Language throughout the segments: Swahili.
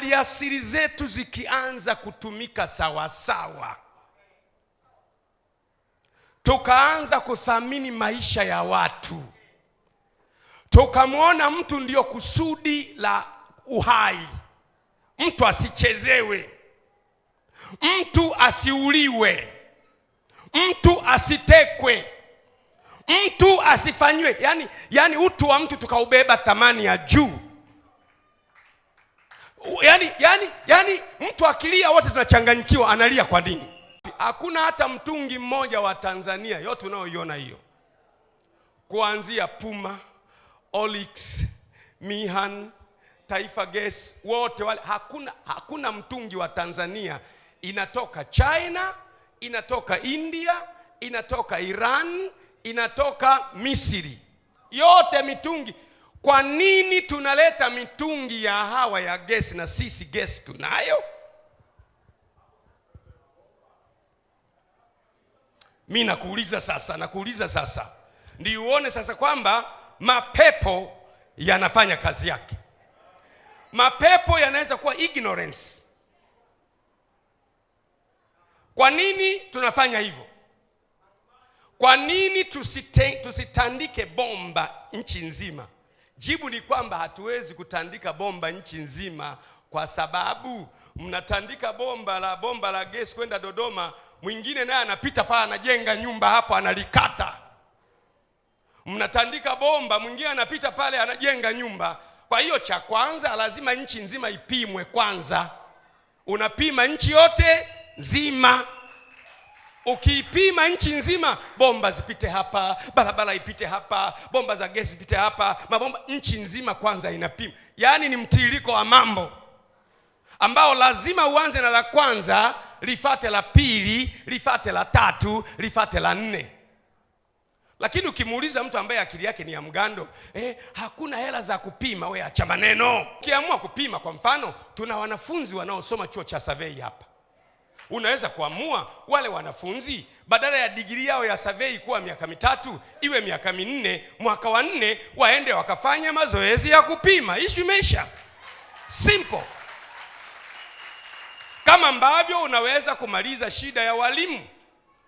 maliasili zetu zikianza kutumika sawasawa, tukaanza kuthamini maisha ya watu, tukamwona mtu ndiyo kusudi la uhai, mtu asichezewe, mtu asiuliwe, mtu asitekwe, mtu asifanywe, yani, yani utu wa mtu tukaubeba thamani ya juu yani, yani, yani mtu akilia wote tunachanganyikiwa, analia kwa nini? Hakuna hata mtungi mmoja wa Tanzania yote unaoiona hiyo, kuanzia Puma, Olix, Mihan, Taifa Gas, wote wale, hakuna, hakuna mtungi wa Tanzania inatoka China, inatoka India, inatoka Iran, inatoka Misri, yote mitungi kwa nini tunaleta mitungi ya hawa ya gesi na sisi gesi tunayo? Mi nakuuliza sasa, nakuuliza sasa, ndi uone sasa kwamba mapepo yanafanya kazi yake. Mapepo yanaweza kuwa ignorance. Kwa nini tunafanya hivyo? Kwa nini tusitandike bomba nchi nzima? Jibu ni kwamba hatuwezi kutandika bomba nchi nzima, kwa sababu mnatandika bomba la bomba la gesi kwenda Dodoma, mwingine naye anapita pale anajenga nyumba hapo analikata. Mnatandika bomba, mwingine anapita pale anajenga nyumba. Kwa hiyo cha kwanza lazima nchi nzima ipimwe kwanza, unapima nchi yote nzima. Ukiipima nchi nzima, bomba zipite hapa, barabara ipite hapa, bomba za gesi zipite hapa, mabomba nchi nzima kwanza inapima. Yaani ni mtiririko wa mambo ambao lazima uanze na la kwanza, lifate la pili, lifate la tatu, lifate la nne. Lakini ukimuuliza mtu ambaye akili yake ni ya mgando eh, hakuna hela za kupima, we acha maneno. Ukiamua kupima, kwa mfano, tuna wanafunzi wanaosoma chuo cha survey hapa unaweza kuamua wale wanafunzi badala ya digrii yao ya survey kuwa miaka mitatu iwe miaka minne. Mwaka wa nne waende wakafanya mazoezi ya kupima. Ishu imeisha, simple. Kama ambavyo unaweza kumaliza shida ya walimu.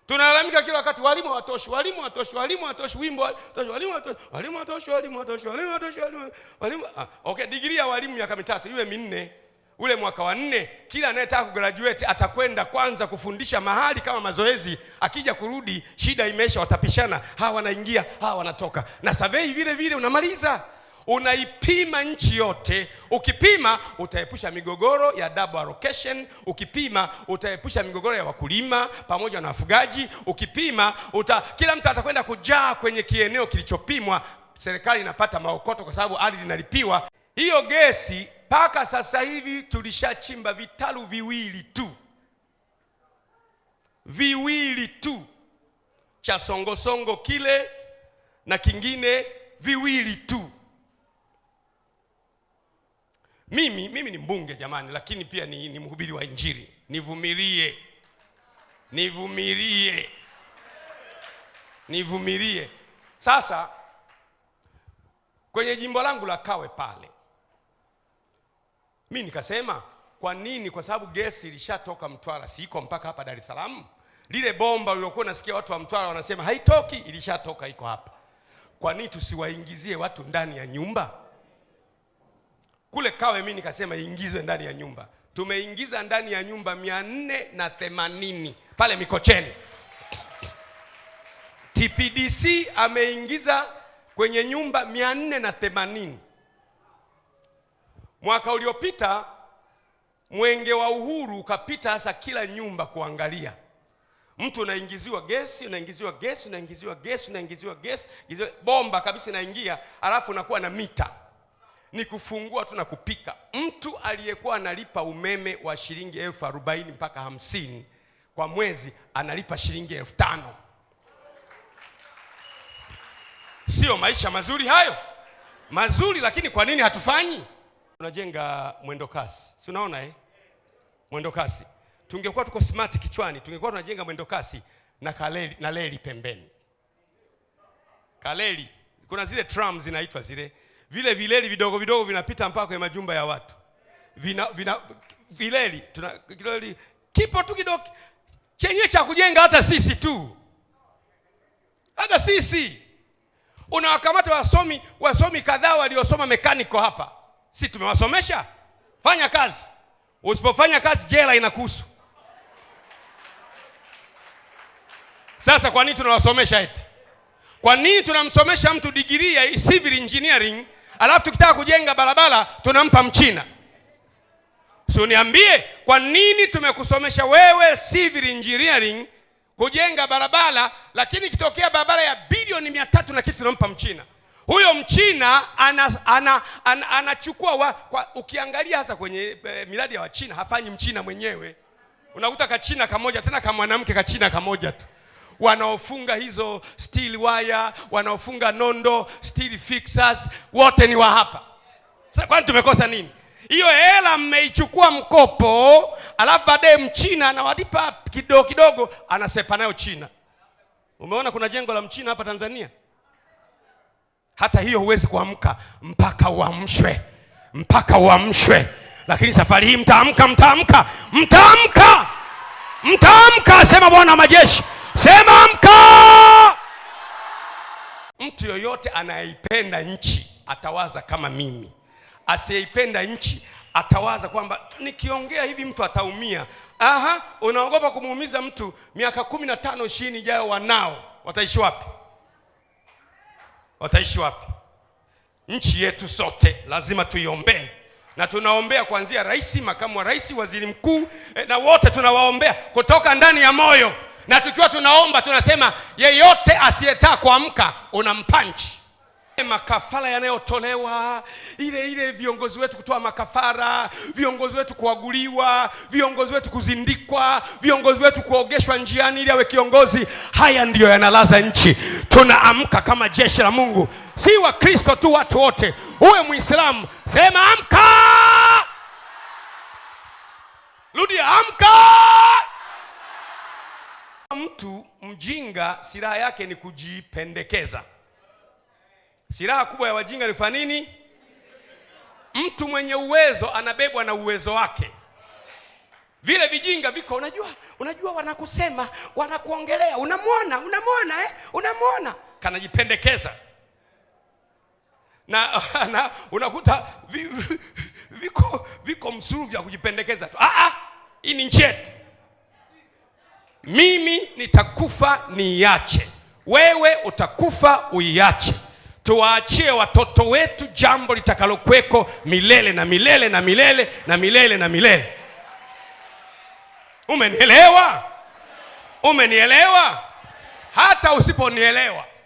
Tunalalamika kila wakati, walimu watoshi walimu watoshi walimu watoshi wimbo hawatoshi, walimu walimu walimu walimu walimu. Okay, digrii ya walimu miaka mitatu iwe minne ule mwaka wa nne, kila anayetaka kugraduate atakwenda kwanza kufundisha mahali kama mazoezi. Akija kurudi, shida imeisha, watapishana, hawa wanaingia, hawa wanatoka, na survey vile vile unamaliza unaipima nchi yote. Ukipima utaepusha migogoro ya double allocation. Ukipima utaepusha migogoro ya wakulima pamoja na wafugaji. Ukipima uta, kila mtu atakwenda kujaa kwenye kieneo kilichopimwa. Serikali inapata maokoto kwa sababu ardhi inalipiwa. Hiyo gesi mpaka sasa hivi tulishachimba vitalu viwili tu, viwili tu, cha songosongo kile na kingine viwili tu. Mimi mimi ni mbunge jamani, lakini pia ni, ni mhubiri wa Injili. Nivumilie, nivumilie, nivumilie. Sasa kwenye jimbo langu la Kawe pale mi nikasema kwa nini? Kwa sababu gesi ilishatoka Mtwara, siiko mpaka hapa Dar es Salaam. Lile bomba uliokuwa unasikia watu wa Mtwara wanasema haitoki, ilishatoka iko hapa. Kwa nini tusiwaingizie watu ndani ya nyumba? Kule Kawe mi nikasema iingizwe ndani ya nyumba. Tumeingiza ndani ya nyumba mia nne na themanini pale Mikocheni. TPDC ameingiza kwenye nyumba mia nne na themanini. Mwaka uliopita mwenge wa uhuru ukapita hasa kila nyumba kuangalia. Mtu unaingiziwa gesi, unaingiziwa gesi, unaingiziwa gesi, unaingiziwa gesi, bomba kabisa inaingia, alafu unakuwa na mita ni kufungua tu na kupika. Mtu aliyekuwa analipa umeme wa shilingi elfu arobaini mpaka hamsini kwa mwezi analipa shilingi elfu tano. Sio maisha mazuri hayo? Mazuri, lakini kwa nini hatufanyi? tunajenga mwendo kasi, si unaona eh? Mwendo kasi, tungekuwa tuko smart kichwani, tungekuwa tunajenga mwendo kasi na kaleli, na leli pembeni. Kaleli kuna zile tram zinaitwa zile, vile vileli vidogo vidogo vinapita mpaka kwenye majumba ya watu, vina, vina vileli tuna kileli kipo tu kidogo chenye cha kujenga hata sisi tu, hata sisi unawakamata wasomi wasomi kadhaa waliosoma mekaniko hapa si tumewasomesha? Fanya kazi. Usipofanya kazi, jela inakuhusu. Sasa kwa nini tunawasomesha eti? Kwa nini tunamsomesha mtu digrii ya civil engineering alafu tukitaka kujenga barabara tunampa Mchina? Si uniambie, kwa nini tumekusomesha wewe civil engineering kujenga barabara, lakini ikitokea barabara ya bilioni mia tatu na kitu tunampa Mchina? Huyo Mchina anachukua ana, ana, ana, ana kwa, ukiangalia hasa kwenye e, miradi ya Wachina hafanyi Mchina mwenyewe, unakuta kachina kamoja tena kama mwanamke kachina kamoja tu wanaofunga hizo steel wire, wanaofunga nondo, steel fixers, wote ni wa hapa. Sasa kwani tumekosa nini? Hiyo hela mmeichukua mkopo, alafu baadaye mchina anawalipa kidogo kidogo, anasepa nayo China. Umeona kuna jengo la mchina hapa Tanzania hata hiyo huwezi kuamka mpaka uamshwe, mpaka uamshwe. Lakini safari hii mtaamka, mtaamka, mtaamka, mtaamka, sema Bwana majeshi, sema amka. Mtu yoyote anayeipenda nchi atawaza kama mimi, asiyeipenda nchi atawaza kwamba nikiongea hivi mtu ataumia. Aha, unaogopa kumuumiza mtu. Miaka kumi na tano ishirini ijayo wanao wataishi wapi? wataishi wapi? Nchi yetu sote lazima tuiombee, na tunaombea kuanzia rais, makamu wa rais, waziri mkuu eh, na wote tunawaombea kutoka ndani ya moyo, na tukiwa tunaomba tunasema yeyote asiyetaka kuamka unampanchi makafara yanayotolewa ile ile, viongozi wetu kutoa makafara, viongozi wetu kuaguliwa, viongozi wetu kuzindikwa, viongozi wetu kuogeshwa njiani ili awe kiongozi. Haya ndiyo yanalaza nchi. Tunaamka kama jeshi la Mungu, si Wakristo tu, watu wote. Uwe Mwislamu, sema amka, rudia amka. Mtu mjinga silaha yake ni kujipendekeza. Silaha kubwa ya wajinga ni nini? Mtu mwenye uwezo anabebwa na uwezo wake. Vile vijinga viko, unajua unajua, wanakusema wanakuongelea, unamwona unamwona eh? unamwona kanajipendekeza na, na unakuta vi, vi, viko viko msuru vya kujipendekeza tu. Ah, ah, hii ni nchi yetu, mimi nitakufa niiache, wewe utakufa uiache tuwaachie watoto wetu jambo litakalokuweko milele na milele na milele na milele na milele. Umenielewa? Umenielewa? Hata usiponielewa